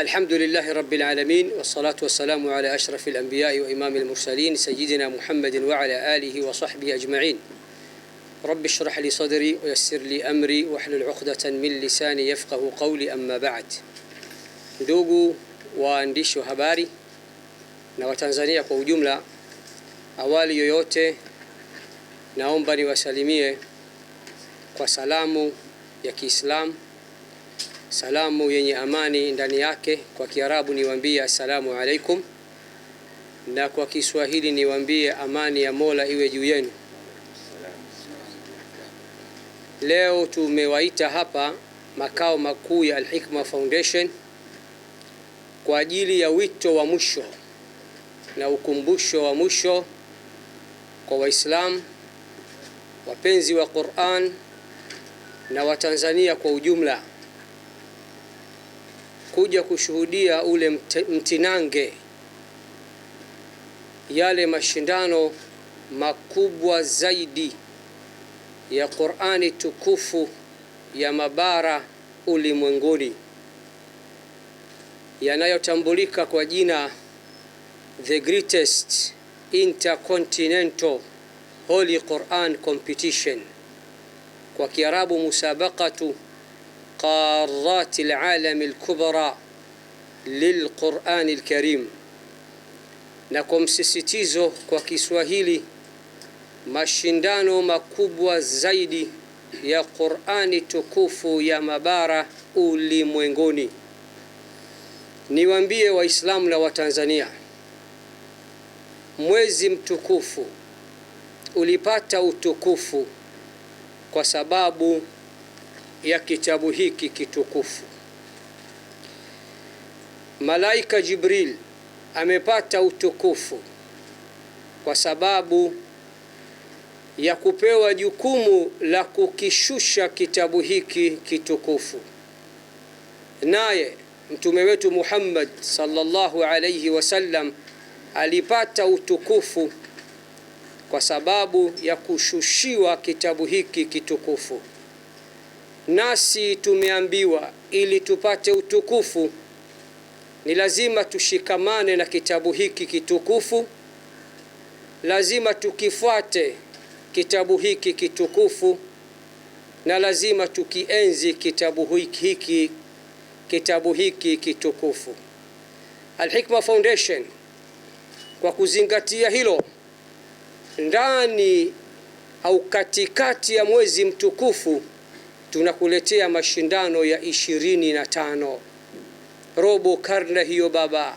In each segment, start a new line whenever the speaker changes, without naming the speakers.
الحمد لله رب العالمين والصلاة والسلام على أشرف الأنبياء وإمام المرسلين سيدنا محمد وعلى آله وصحبه أجمعين رب اشرح لي صدري ويسر لي أمري واحلل عقدة من لساني يفقه قولي أما بعد دوغو وانديشو هباري habari تنزانية Watanzania جملة أوالي يويوتي yoyote, naomba niwasalimie وسلامو salamu ya salamu yenye amani ndani yake. Kwa Kiarabu niwaambie assalamu alaikum, na kwa Kiswahili niwaambie amani ya Mola iwe juu yenu. Leo tumewaita hapa makao makuu ya Al-Hikma Foundation kwa ajili ya wito wa mwisho na ukumbusho wa mwisho kwa Waislamu wapenzi wa Qur'an na Watanzania kwa ujumla kuja kushuhudia ule mtinange, yale mashindano makubwa zaidi ya Qur'ani tukufu ya mabara ulimwenguni yanayotambulika kwa jina The Greatest Intercontinental Holy Quran Competition, kwa Kiarabu musabaqatu قارات العالم الكبرى للقرآن الكريم na kwa msisitizo kwa Kiswahili mashindano makubwa zaidi ya Qur'ani tukufu ya mabara ulimwenguni. Niwaambie Waislamu na Watanzania, mwezi mtukufu ulipata utukufu kwa sababu ya kitabu hiki kitukufu. Malaika Jibril amepata utukufu kwa sababu ya kupewa jukumu la kukishusha kitabu hiki kitukufu, naye mtume wetu Muhammad sallallahu alayhi wasallam alipata utukufu kwa sababu ya kushushiwa kitabu hiki kitukufu nasi tumeambiwa ili tupate utukufu ni lazima tushikamane na kitabu hiki kitukufu, lazima tukifuate kitabu hiki kitukufu, na lazima tukienzi kitabu hiki kitabu hiki kitukufu. Al-Hikma Foundation kwa kuzingatia hilo, ndani au katikati ya mwezi mtukufu tunakuletea mashindano ya ishirini na tano robo karne hiyo baba,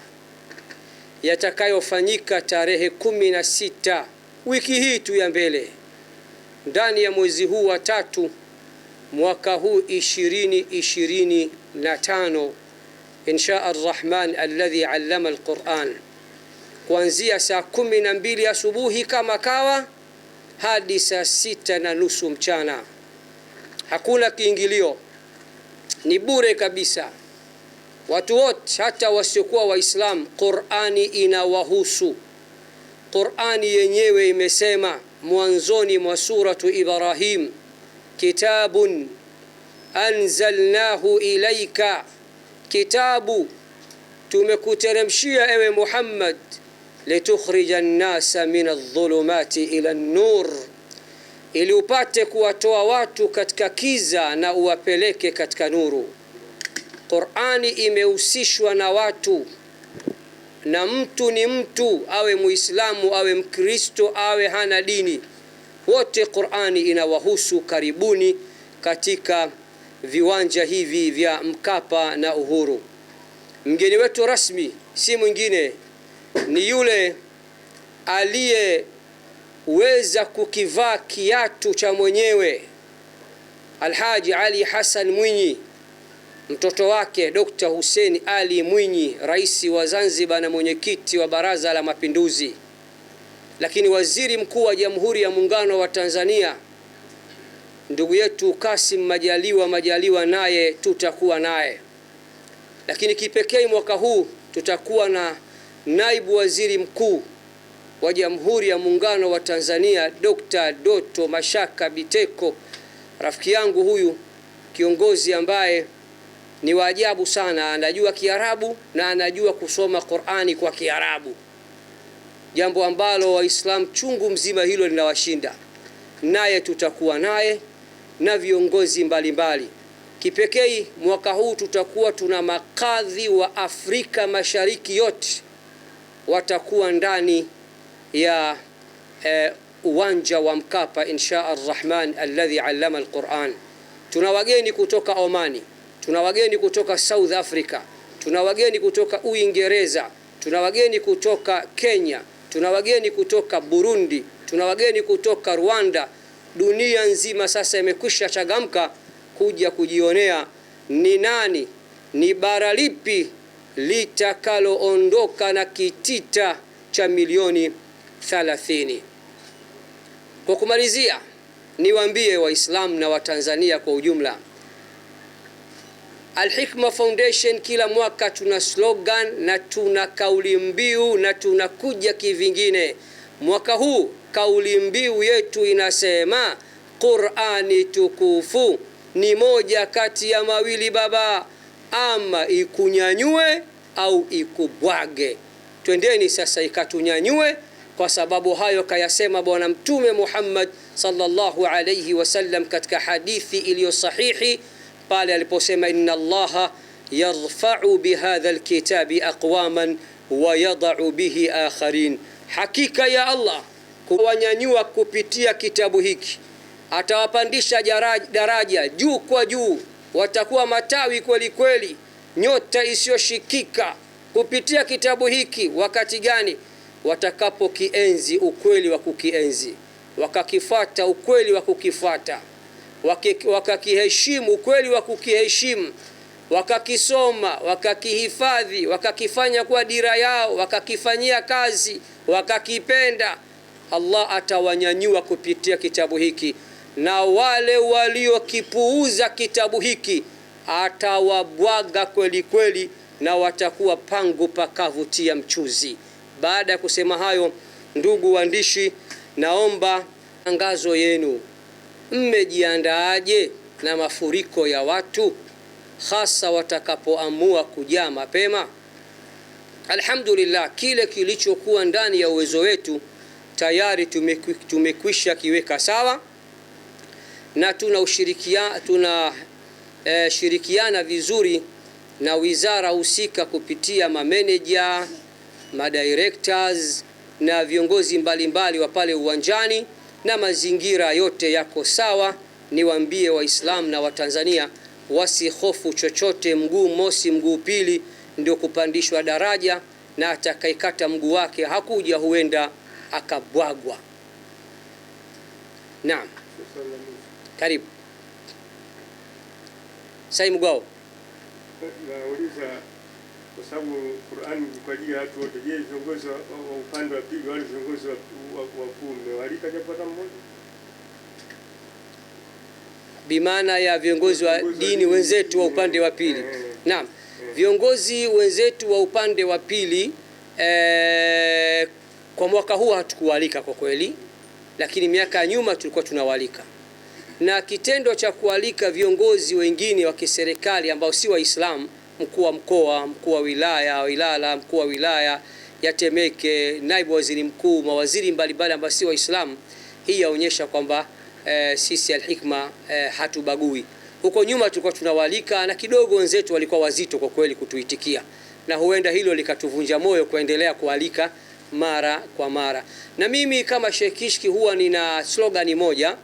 yatakayofanyika tarehe kumi na sita wiki hii tu ya mbele, ndani ya mwezi huu wa tatu mwaka huu ishirini ishirini na tano insha arrahman alladhi allama alquran, kuanzia saa kumi na mbili asubuhi kama kawa hadi saa sita na nusu mchana hakuna kiingilio, ni bure kabisa. Watu wote hata wasiokuwa Waislamu, Qur'ani inawahusu. Qur'ani yenyewe imesema mwanzoni mwa suratu Ibrahim, kitabun anzalnahu ilaika, kitabu tumekuteremshia ewe Muhammad, litukhrija nnasa min adh-dhulumati ila an-nur ili upate kuwatoa watu katika kiza na uwapeleke katika nuru. Qur'ani imehusishwa na watu na mtu ni mtu, awe Muislamu awe Mkristo awe hana dini, wote Qur'ani inawahusu. Karibuni katika viwanja hivi vya Mkapa na Uhuru. Mgeni wetu rasmi si mwingine ni yule aliye weza kukivaa kiatu cha mwenyewe. Alhaji Ali Hassan Mwinyi, mtoto wake Dr. Hussein Ali Mwinyi, rais wa Zanzibar na mwenyekiti wa Baraza la Mapinduzi, lakini waziri mkuu wa Jamhuri ya Muungano wa Tanzania ndugu yetu Kasim Majaliwa Majaliwa, naye tutakuwa naye. Lakini kipekee mwaka huu tutakuwa na naibu waziri mkuu wa Jamhuri ya Muungano wa Tanzania Dr. Doto Mashaka Biteko, rafiki yangu huyu, kiongozi ambaye ni waajabu sana, anajua Kiarabu na anajua kusoma Qur'ani kwa Kiarabu, jambo ambalo Waislamu chungu mzima hilo linawashinda. Naye tutakuwa naye na viongozi mbalimbali. Kipekee mwaka huu tutakuwa tuna makadhi wa Afrika Mashariki yote watakuwa ndani ya eh, uwanja wa Mkapa insha arrahman alladhi allama alquran. Tuna wageni kutoka Omani, tuna wageni kutoka South Africa, tuna wageni kutoka Uingereza, tuna wageni kutoka Kenya, tuna wageni kutoka Burundi, tuna wageni kutoka Rwanda. Dunia nzima sasa imekwisha changamka kuja kujionea ni nani, ni bara lipi litakaloondoka na kitita cha milioni 30 Kwa kumalizia, niwaambie Waislamu na Watanzania kwa ujumla, Al-Hikma Foundation kila mwaka tuna slogan na tuna kauli mbiu na tunakuja kivingine. Mwaka huu kauli mbiu yetu inasema Qur'ani tukufu ni moja kati ya mawili baba, ama ikunyanyue au ikubwage. Twendeni sasa ikatunyanyue. Kwa sababu hayo kayasema Bwana Mtume Muhammad sallallahu alayhi wasallam katika hadithi iliyo sahihi pale aliposema, inna allaha yarfa'u bihadha alkitabi aqwaman wa yada'u bihi akharin, hakika ya Allah kuwanyanyua kupitia kitabu hiki atawapandisha daraja juu kwa juu, watakuwa matawi kweli kweli, nyota isiyoshikika kupitia kitabu hiki. Wakati gani? watakapokienzi ukweli wa kukienzi, wakakifata ukweli wa kukifata, wakakiheshimu ukweli wa kukiheshimu, wakakisoma, wakakihifadhi, wakakifanya kuwa dira yao, wakakifanyia kazi, wakakipenda, Allah atawanyanyua kupitia kitabu hiki, na wale waliokipuuza kitabu hiki atawabwaga kweli kweli, na watakuwa pangu pakavutia mchuzi. Baada ya kusema hayo, ndugu waandishi, naomba tangazo yenu, mmejiandaaje na mafuriko ya watu, hasa watakapoamua kujaa mapema? Alhamdulillah, kile kilichokuwa ndani ya uwezo wetu tayari tumekwisha kiweka sawa na tuna ushirikia, tuna eh, shirikiana vizuri na wizara husika kupitia mameneja madirectors na viongozi mbalimbali wa pale uwanjani, na mazingira yote yako sawa. Niwaambie Waislamu na Watanzania wasihofu chochote. Mguu mosi, mguu pili ndio kupandishwa daraja, na atakayekata mguu wake hakuja, huenda akabwagwa. Naam, karibu Saimu Gwao
sababu Qur'an kwa ajili ya watu wote. Je, viongozi wa upande wa pili wale viongozi wakuu mmewalika japo hata mmoja? Bimaana ya viongozi wa dini wenzetu wa upande wa pili. Eh, eh, eh. Naam, viongozi wenzetu wa upande wa pili e, kwa mwaka huu hatukualika kwa kweli, lakini miaka ya nyuma tulikuwa tunawalika, na kitendo cha kualika viongozi wengine wa kiserikali ambao si Waislamu mkuu wa mkoa, mkuu wa wilaya Ilala, mkuu wa wilaya ya Temeke, naibu waziri mkuu, mawaziri mbalimbali ambao si Waislamu. Hii yaonyesha kwamba e, sisi alhikma e, hatubagui. Huko nyuma tulikuwa tunawalika na kidogo wenzetu walikuwa wazito kwa kweli kutuitikia, na huenda hilo likatuvunja moyo kuendelea kualika mara kwa mara. Na mimi kama Sheikh Kishki huwa nina slogan moja,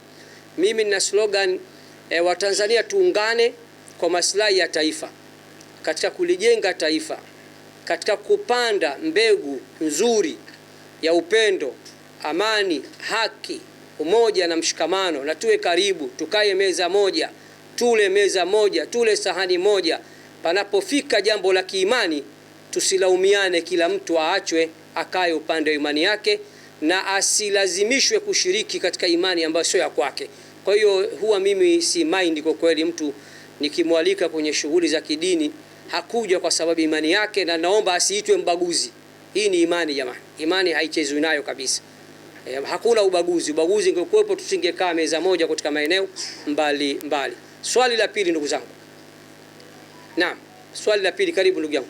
mimi nina slogan e, Watanzania tuungane kwa maslahi ya taifa katika kulijenga taifa, katika kupanda mbegu nzuri ya upendo, amani, haki, umoja na mshikamano, na tuwe karibu, tukae meza moja, tule meza moja, tule sahani moja. Panapofika jambo la kiimani, tusilaumiane, kila mtu aachwe akae upande wa imani yake na asilazimishwe kushiriki katika imani ambayo sio ya kwake. Kwa hiyo huwa mimi si mind kwa kweli, mtu nikimwalika kwenye shughuli za kidini hakuja kwa sababu imani yake, na naomba asiitwe mbaguzi. Hii ni imani jamani, imani haichezwi nayo kabisa. E, hakuna ubaguzi. Ubaguzi ungekuwepo tusingekaa meza moja katika maeneo mbali mbali. Swali la pili ndugu zangu, naam, swali la pili, karibu ndugu yangu.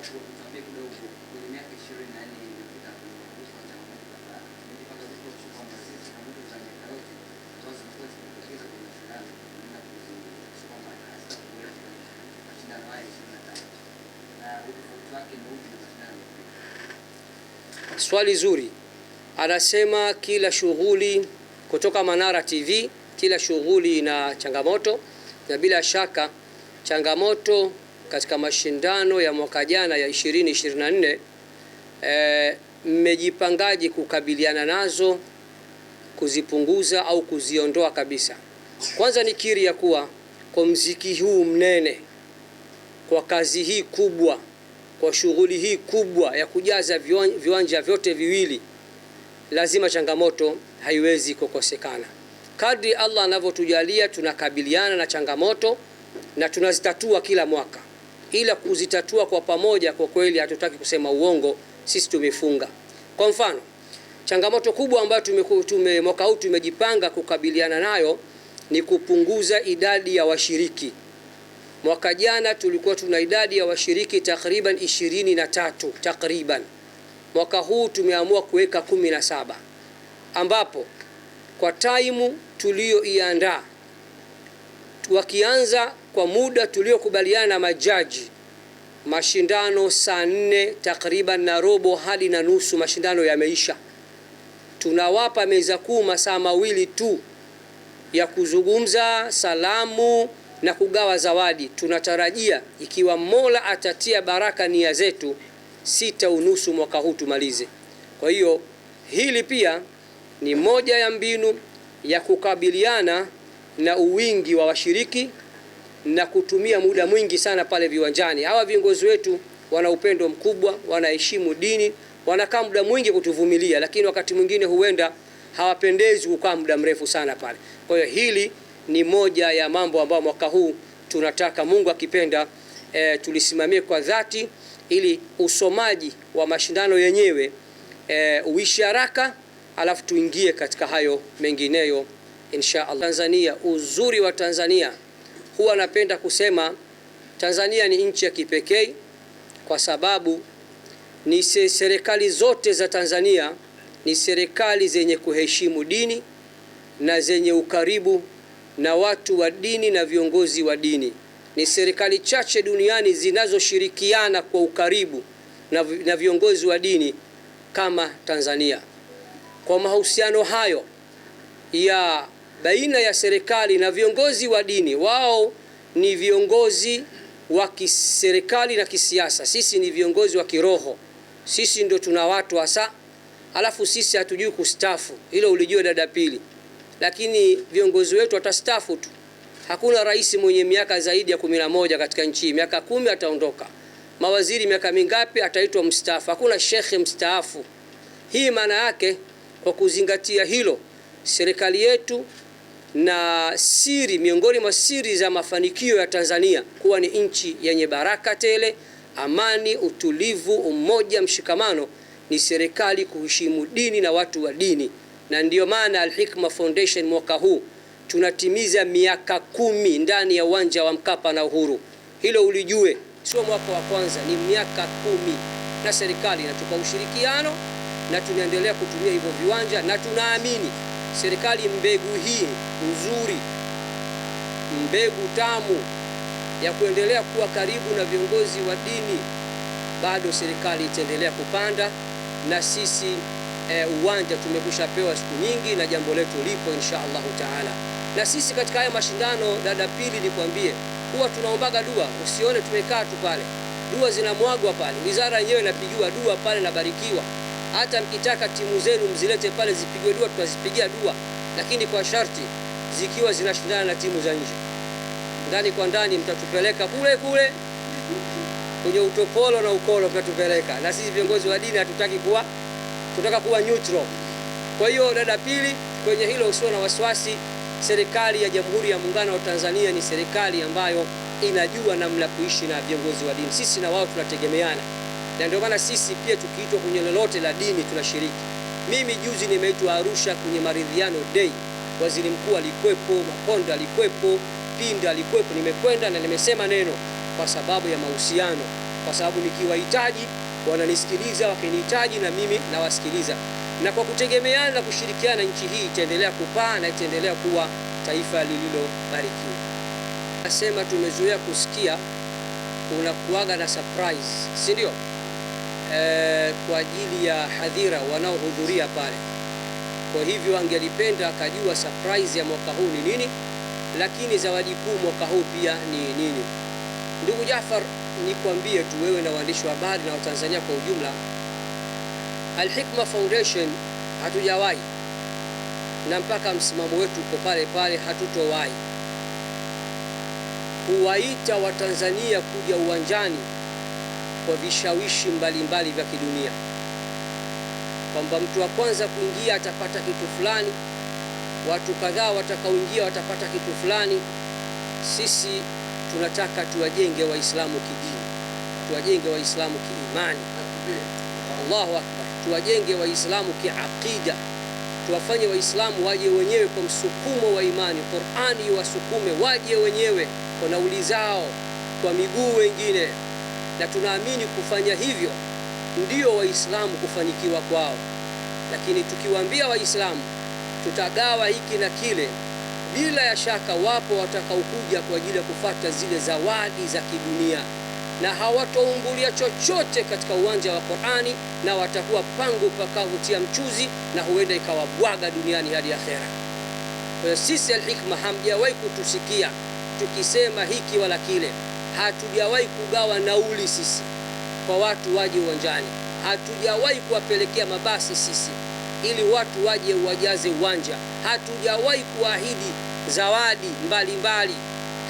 kwenye miaka ishirini na nne iliyopita Swali zuri. Anasema kila shughuli kutoka Manara TV, kila shughuli ina changamoto, na bila shaka changamoto katika mashindano ya mwaka jana ya 2024 eh, mmejipangaje kukabiliana nazo, kuzipunguza au kuziondoa kabisa? Kwanza nikiri ya kuwa kwa mziki huu mnene, kwa kazi hii kubwa, kwa shughuli hii kubwa ya kujaza viwanja, viwanja vyote viwili, lazima changamoto haiwezi kukosekana. Kadri Allah anavyotujalia tunakabiliana na changamoto na tunazitatua kila mwaka ila kuzitatua kwa pamoja, kwa kweli hatutaki kusema uongo, sisi tumefunga. Kwa mfano, changamoto kubwa ambayo tume mwaka huu tumejipanga kukabiliana nayo ni kupunguza idadi ya washiriki. Mwaka jana tulikuwa tuna idadi ya washiriki takriban ishirini na tatu takriban, mwaka huu tumeamua kuweka kumi na saba ambapo kwa taimu tuliyoiandaa wakianza kwa muda tuliokubaliana na majaji, mashindano saa nne takriban na robo hadi na nusu, mashindano yameisha. Tunawapa meza kuu masaa mawili tu ya kuzungumza, salamu na kugawa zawadi. Tunatarajia ikiwa Mola atatia baraka nia zetu, sita unusu mwaka huu tumalize. Kwa hiyo hili pia ni moja ya mbinu ya kukabiliana na uwingi wa washiriki na kutumia muda mwingi sana pale viwanjani. Hawa viongozi wetu wana upendo mkubwa, wanaheshimu dini, wanakaa muda mwingi kutuvumilia, lakini wakati mwingine huenda hawapendezi kukaa muda mrefu sana pale. Kwa hiyo hili ni moja ya mambo ambayo mwaka huu tunataka Mungu akipenda, e, tulisimamie kwa dhati ili usomaji wa mashindano yenyewe e, uishi haraka, alafu tuingie katika hayo mengineyo insha Allah. Tanzania, uzuri wa Tanzania, huwa napenda kusema Tanzania ni nchi ya kipekee kwa sababu ni serikali zote za Tanzania ni serikali zenye kuheshimu dini na zenye ukaribu na watu wa dini na viongozi wa dini. Ni serikali chache duniani zinazoshirikiana kwa ukaribu na viongozi wa dini kama Tanzania. Kwa mahusiano hayo ya baina ya serikali na viongozi wa dini. Wao ni viongozi wa kiserikali na kisiasa, sisi ni viongozi wa kiroho. Sisi ndio tuna watu hasa, alafu sisi hatujui kustafu. Hilo ulijua dada Pili, lakini viongozi wetu watastafu tu. Hakuna rais mwenye miaka zaidi ya kumi na moja katika nchi hii, miaka kumi ataondoka. Mawaziri miaka mingapi? Ataitwa mstaafu. Hakuna shekhe mstaafu. Hii maana yake, kwa kuzingatia hilo, serikali yetu na siri miongoni mwa siri za mafanikio ya Tanzania kuwa ni nchi yenye baraka tele, amani, utulivu, umoja, mshikamano ni serikali kuheshimu dini na watu wa dini, na ndiyo maana Al-Hikma Foundation mwaka huu tunatimiza miaka kumi ndani ya uwanja wa Mkapa na Uhuru. Hilo ulijue, sio mwaka wa kwanza, ni miaka kumi, na serikali inatupa ushirikiano na tunaendelea kutumia hivyo viwanja na tunaamini serikali mbegu hii nzuri, mbegu tamu ya kuendelea kuwa karibu na viongozi wa dini, bado serikali itaendelea kupanda na sisi e, uwanja tumekushapewa siku nyingi na jambo letu lipo insha Allahu taala. Na sisi katika haya mashindano dada Pili, nikwambie huwa tunaombaga dua, usione tumekaa tu pale, dua zinamwagwa pale, wizara yenyewe inapigiwa dua pale, nabarikiwa hata mkitaka timu zenu mzilete pale zipigwe dua, tutazipigia dua, lakini kwa sharti zikiwa zinashindana na timu za nje. Ndani kwa ndani mtatupeleka kule kule kwenye utopolo na ukolo, mtatupeleka na sisi viongozi wa dini hatutaki kuwa, tunataka kuwa neutral. Kwa hiyo dada, pili kwenye hilo usio na wasiwasi. Serikali ya Jamhuri ya Muungano wa Tanzania ni serikali ambayo inajua namna kuishi na viongozi wa dini. Sisi na wao tunategemeana na ndio maana sisi pia tukiitwa kwenye lolote la dini tunashiriki. Mimi juzi nimeitwa Arusha kwenye maridhiano day, waziri mkuu alikwepo Makonda alikwepo Pinda alikwepo Nimekwenda na nimesema neno kwa sababu ya mahusiano, kwa sababu nikiwahitaji wananisikiliza, wakinihitaji na mimi nawasikiliza, na kwa kutegemeana na kushirikiana, nchi hii itaendelea kupaa na itaendelea kuwa taifa lililobarikiwa. Nasema tumezoea kusikia unakuaga na surprise, si ndio? eh, kwa ajili ya hadhira wanaohudhuria pale. Kwa hivyo angelipenda akajua surprise ya mwaka huu ni nini, lakini zawadi kuu mwaka huu pia ni nini. Ndugu Jaafar, nikwambie tu wewe na waandishi wa habari na Watanzania kwa ujumla, Alhikma Foundation hatujawahi na mpaka msimamo wetu uko pale pale, hatutowahi kuwaita Watanzania kuja uwanjani kwa vishawishi mbalimbali vya kidunia, kwamba mtu wa kwanza kuingia atapata kitu fulani, watu kadhaa watakaoingia watapata kitu fulani. Sisi tunataka tuwajenge Waislamu kidini, tuwajenge Waislamu kiimani. Allahu akbar! Tuwajenge Waislamu kiaqida, tuwafanye Waislamu waje wenyewe kwa msukumo wa imani. Qur'ani iwasukume waje wenyewe kwa nauli zao, kwa miguu wengine na tunaamini kufanya hivyo ndio Waislamu kufanikiwa kwao. Lakini tukiwaambia Waislamu tutagawa hiki na kile, bila ya shaka wapo watakaokuja kwa ajili ya kufata zile zawadi za kidunia na hawatoumbulia chochote katika uwanja wa Qur'ani, na watakuwa pangu pakavutia mchuzi, na huenda ikawabwaga duniani hadi akhera. Kwa sisi Al-Hikma hamjawahi kutusikia tukisema hiki wala kile hatujawahi kugawa nauli sisi kwa watu waje uwanjani, hatujawahi kuwapelekea mabasi sisi ili watu waje wajaze uwanja, hatujawahi kuahidi zawadi mbalimbali,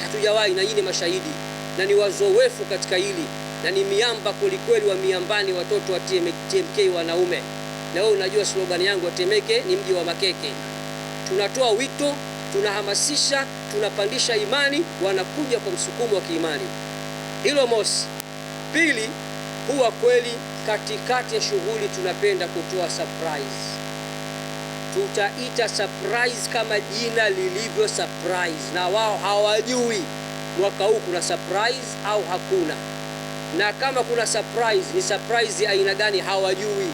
hatujawahi. Na nyinyi ni mashahidi na ni wazoefu katika hili na ni miamba kwelikweli wa miambani, watoto wa TMK wanaume. Na wewe unajua slogani yangu, watemeke ni mji wa makeke. Tunatoa wito, tunahamasisha tunapandisha imani, wanakuja kwa msukumo wa kiimani. Hilo mosi. Pili, huwa kweli katikati ya shughuli tunapenda kutoa surprise. Tutaita surprise kama jina lilivyo surprise, na wao hawajui mwaka huu kuna surprise au hakuna, na kama kuna surprise ni surprise ya aina gani hawajui.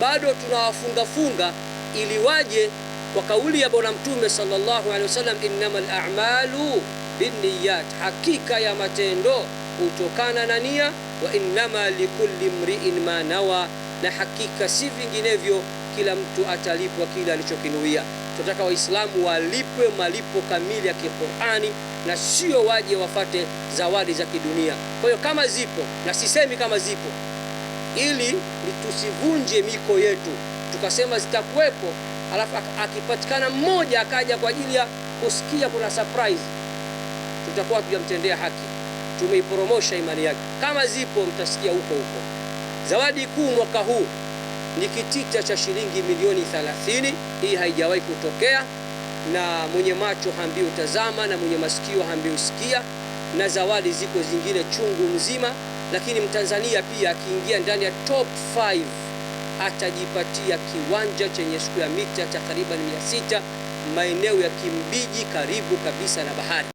Bado tunawafungafunga ili waje kwa kauli ya Bwana Mtume sallallahu alaihi wasallam, innamal a'malu binniyat, hakika ya matendo hutokana na nia. Wa innama likulli mri'in ma nawa, na hakika si vinginevyo, kila mtu atalipwa kile alichokinuia. Tunataka Waislamu walipwe malipo kamili ya Kiqur'ani na sio waje wafate zawadi za kidunia. Kwa hiyo kama zipo, na sisemi kama zipo, ili tusivunje miko yetu tukasema zitakuwepo alafu akipatikana mmoja akaja kwa ajili ya kusikia kuna surprise, tutakuwa tujamtendea haki, tumeipromosha imani yake. Kama zipo mtasikia huko huko. Zawadi kuu mwaka huu ni kitita cha shilingi milioni 30. Hii haijawahi kutokea, na mwenye macho haambiwi utazama, na mwenye masikio haambiwi usikia, na zawadi ziko zingine chungu mzima, lakini mtanzania pia akiingia ndani ya top atajipatia kiwanja chenye siku ya mita takriban 600 maeneo ya Kimbiji karibu kabisa na bahari.